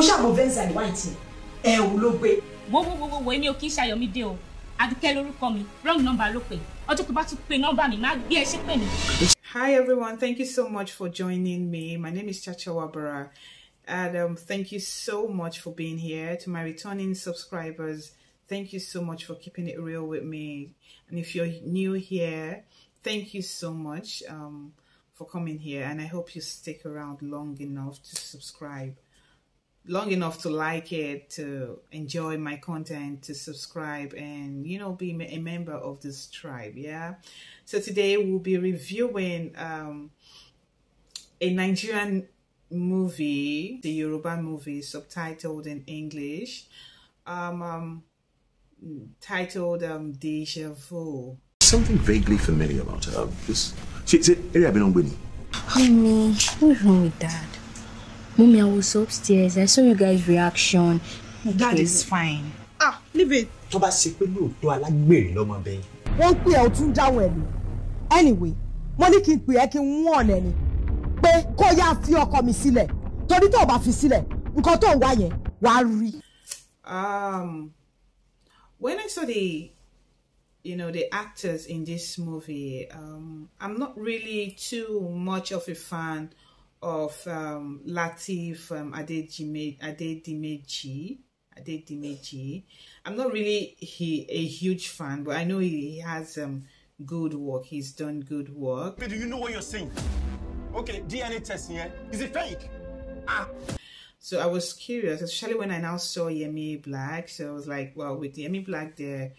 venza ò ló gbé. wo wo wo wo èmi ò kí ń ṣayọ̀mídé o ki lórúkọ mi wrong number ló pè ọjọ́ tó bá tún pe ojo ba pe mi má gbé pè Hi everyone, thank you so much for joining me. My name is Chacha Wabara, And um, thank you so much for being here. To my returning subscribers, thank you so much for keeping it real with me. And if you're new here, thank you so much um, for coming here. And I hope you stick around long enough to subscribe long enough to like it, to enjoy my content, to subscribe, and you know, be a member of this tribe. Yeah. So today we'll be reviewing um, a Nigerian movie, the Yoruba movie, subtitled in English, um, um titled um, Deja Vu. Something vaguely familiar about um, her. This, she, she, I've been on Winnie. Winnie, what's wrong with that? Mommy, I was upstairs. I saw you guys' reaction. That is fine. Ah, leave it. Toba, bá ṣe pé lóòótọ́ alágbèrè lọ́mọ bẹ́yìn. Wọ́n pè ẹ́ o tún dáwọ̀ ẹ̀ Anyway, mo ní kí n pè ẹ́ kí n wọ̀n ọ̀nà ni pé kó yá fi ọkọ mi sílẹ̀ torí tó o bá fi sílẹ̀ nǹkan tó ń wá yẹn wàá Um, when I saw the you know the actors in this movie um, I'm not really too much of a fan of um, Latif um, Adedimeji. Adedimeji. I'm not really he a huge fan, but I know he, he has um, good work. He's done good work. Do you know what you're saying? Okay, DNA testing, yeah? Is it fake? Ah. So I was curious, especially when I now saw Yemi Black. So I was like, well, with Yemi Black there,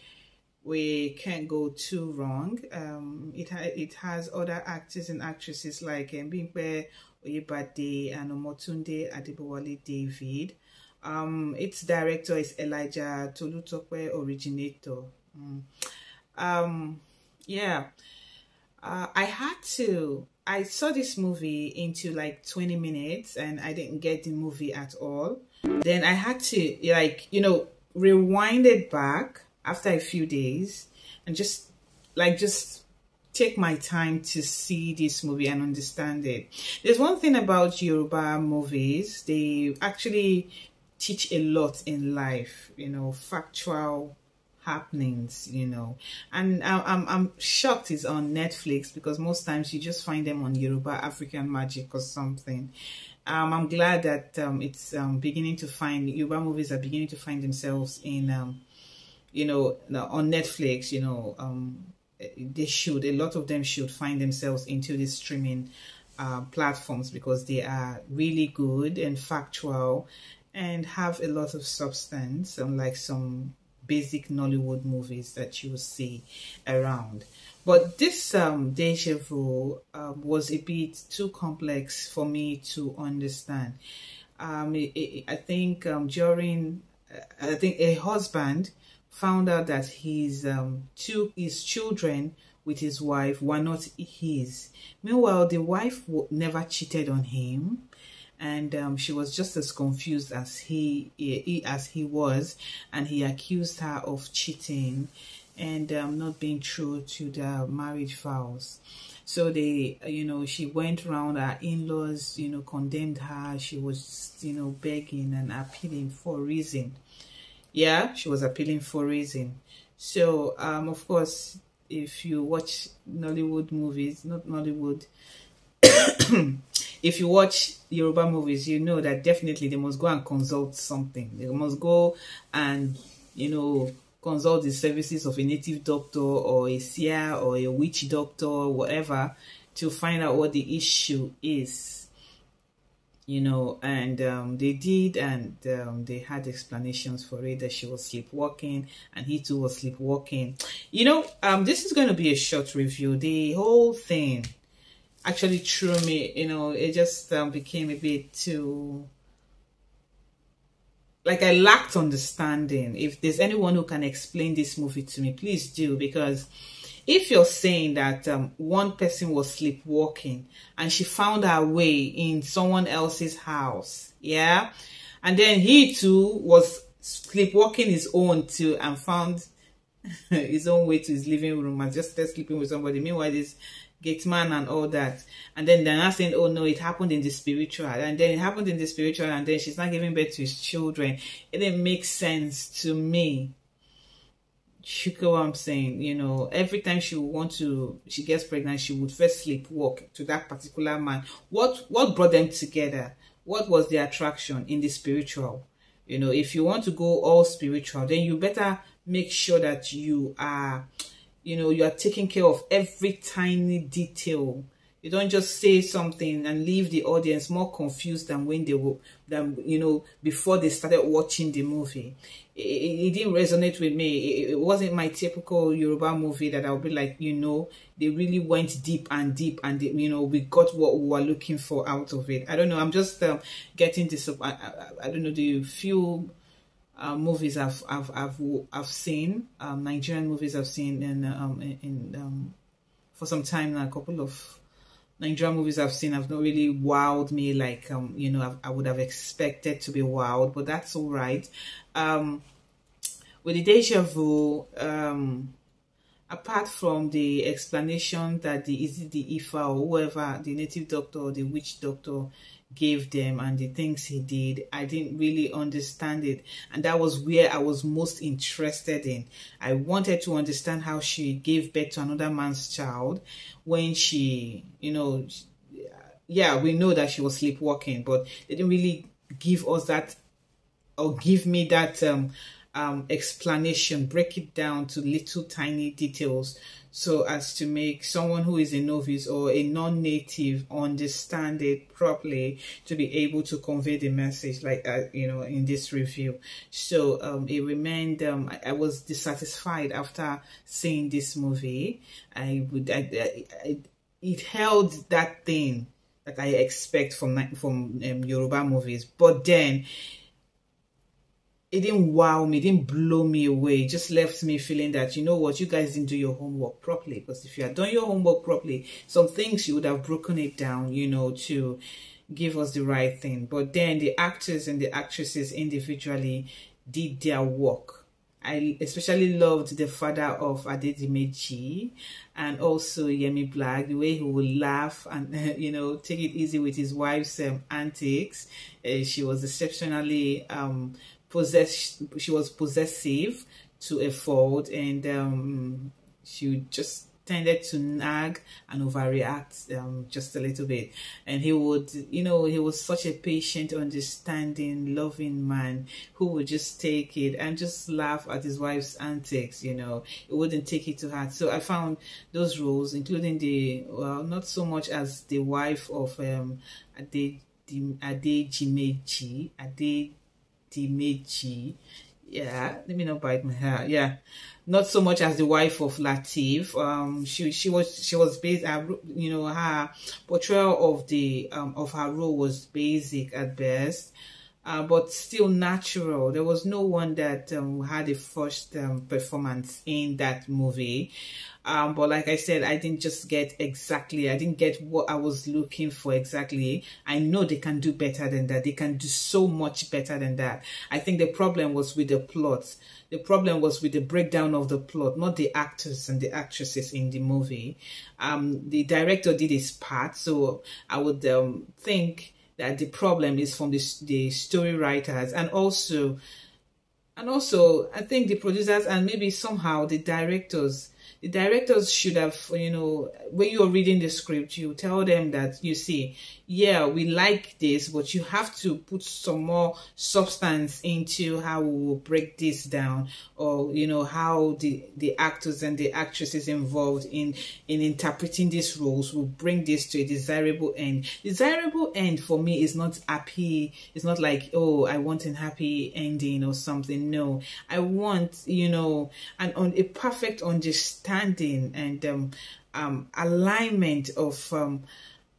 we can't go too wrong. Um, it, ha it has other actors and actresses like Mbimpe um, Oyebade and Omotunde Adebowale David. Um, its director is Elijah Tolutope, originator. Mm. Um, yeah, uh, I had to. I saw this movie into like 20 minutes and I didn't get the movie at all. Then I had to like, you know, rewind it back after a few days and just like just take my time to see this movie and understand it. There's one thing about Yoruba movies, they actually teach a lot in life, you know, factual happenings, you know. And I, am I'm, I'm shocked it's on Netflix because most times you just find them on Yoruba African Magic or something. Um, I'm glad that um, it's um, beginning to find, Yoruba movies are beginning to find themselves in um, you know, on Netflix, you know, um, they should, a lot of them should find themselves into the streaming uh, platforms because they are really good and factual and have a lot of substance, unlike some basic Nollywood movies that you see around. But this um, deja vu um, was a bit too complex for me to understand. Um, it, it, I think um, during, uh, I think a husband found out that his um, two his children with his wife were not his. Meanwhile, the wife never cheated on him, and um, she was just as confused as he, he, as he was, and he accused her of cheating and um, not being true to the marriage vows. So they, you know, she went round her in-laws, you know, condemned her. She was, you know, begging and appealing for a reason yeah she was appealing for reason so um of course if you watch nollywood movies not nollywood if you watch yoruba movies you know that definitely they must go and consult something they must go and you know consult the services of a native doctor or a seer or a witch doctor or whatever to find out what the issue is you know, and um, they did, and um, they had explanations for it that she was sleepwalking, and he too was sleepwalking. You know, um, this is going to be a short review. The whole thing actually threw me, you know, it just um, became a bit too like I lacked understanding. If there's anyone who can explain this movie to me, please do because if you're saying that um, one person was sleepwalking and she found her way in someone else's house, yeah, and then he too was sleepwalking his own too and found his own way to his living room and just started sleeping with somebody. Meanwhile, this gate man and all that, and then they're not saying, "Oh no, it happened in the spiritual," and then it happened in the spiritual, and then she's not giving birth to his children. It didn't make sense to me you get what I'm saying? You know, every time she want to, she gets pregnant, she would first sleepwalk to that particular man. What what brought them together? What was the attraction in the spiritual? You know, if you want to go all spiritual, then you better make sure that you are, you know, you are taking care of every tiny detail you don't just say something and leave the audience more confused than when they were, than you know, before they started watching the movie. It, it, it didn't resonate with me. It, it, wasn't my typical Yoruba movie that i would be like, you know, they really went deep and deep, and they, you know, we got what we were looking for out of it. I don't know. I'm just um, getting this. I, I, I, don't know. the few uh, movies I've I've I've I've seen um, Nigerian movies I've seen in um, in um, for some time now, a couple of Nigerian movies I've seen have not really wowed me like, um, you know, i i would have expected to be wowed, but that's all right. Um, with the Deja Vu, um, apart from the explanation that the is it the Ifa or whoever, the native doctor or the witch doctor gave them and the things he did i didn't really understand it and that was where i was most interested in i wanted to understand how she gave birth to another man's child when she you know yeah we know that she was sleepwalking but they didn't really give us that or give me that um um, explanation, break it down to little tiny details so as to make someone who is a novice or a non-native understand it properly to be able to convey the message like uh, you know in this review so um, it remained um, I, I, was dissatisfied after seeing this movie i would I, I, it held that thing that i expect from from um, yoruba movies but then it didn't wow me, it didn't blow me away. It just left me feeling that, you know what, you guys didn't do your homework properly. Because if you had done your homework properly, some things you would have broken it down, you know, to give us the right thing. But then the actors and the actresses individually did their work. I especially loved the father of Adedimeji and also Yemi Black, the way he would laugh and, you know, take it easy with his wife's um, antics. Uh, she was exceptionally um, possess she was possessive to a fault and um, she just tended to nag and overreact um, just a little bit and he would you know he was such a patient understanding loving man who would just take it and just laugh at his wife's antics you know he wouldn't take it to heart so i found those roles including the well not so much as the wife of um Ade, Jimeji Ade Dimeji. Yeah, let me not bite my hair. Yeah, not so much as the wife of Latif. Um, she she was she was based. you know, her portrayal of the um of her role was basic at best. Uh, but still natural. There was no one that um, had a first um, performance in that movie um but like i said i didn't just get exactly i didn't get what i was looking for exactly i know they can do better than that they can do so much better than that i think the problem was with the plot the problem was with the breakdown of the plot not the actors and the actresses in the movie um the director did his part so i would um, think that the problem is from the, the story writers and also and also i think the producers and maybe somehow the directors the directors should have, you know, when you're reading the script, you tell them that, you see, yeah, we like this, but you have to put some more substance into how we will break this down or, you know, how the, the actors and the actresses involved in, in interpreting these roles will bring this to a desirable end. Desirable end for me is not happy. It's not like, oh, I want a happy ending or something. No, I want, you know, an, on a perfect understanding understanding and um, um, alignment of um,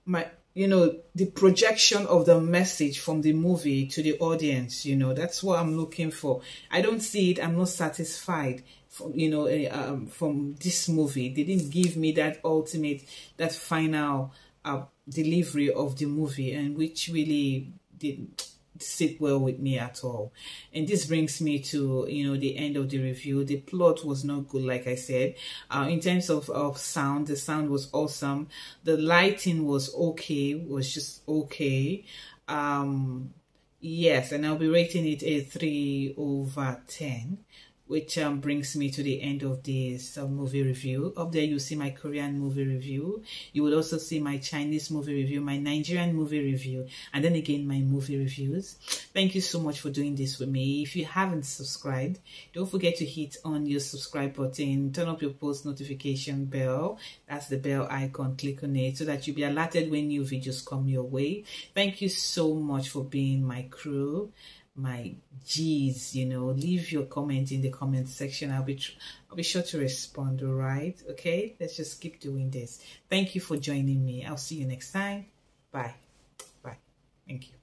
my you know the projection of the message from the movie to the audience you know that's what i'm looking for i don't see it i'm not satisfied from, you know uh, from this movie they didn't give me that ultimate that final uh, delivery of the movie and which really did not sit well with me at all and this brings me to you know the end of the review the plot was not good like i said uh, in terms of of sound the sound was awesome the lighting was okay was just okay um yes and i'll be rating it a 3 over 10 which um, brings me to the end of this uh, movie review. Up there, you see my Korean movie review. You will also see my Chinese movie review, my Nigerian movie review, and then again, my movie reviews. Thank you so much for doing this with me. If you haven't subscribed, don't forget to hit on your subscribe button, turn up your post notification bell. That's the bell icon. Click on it so that you'll be alerted when new videos come your way. Thank you so much for being my crew my G's, you know, leave your comment in the comment section. I'll be I'll be sure to respond, all right? Okay? Let's just keep doing this. Thank you for joining me. I'll see you next time. Bye. Bye. Thank you.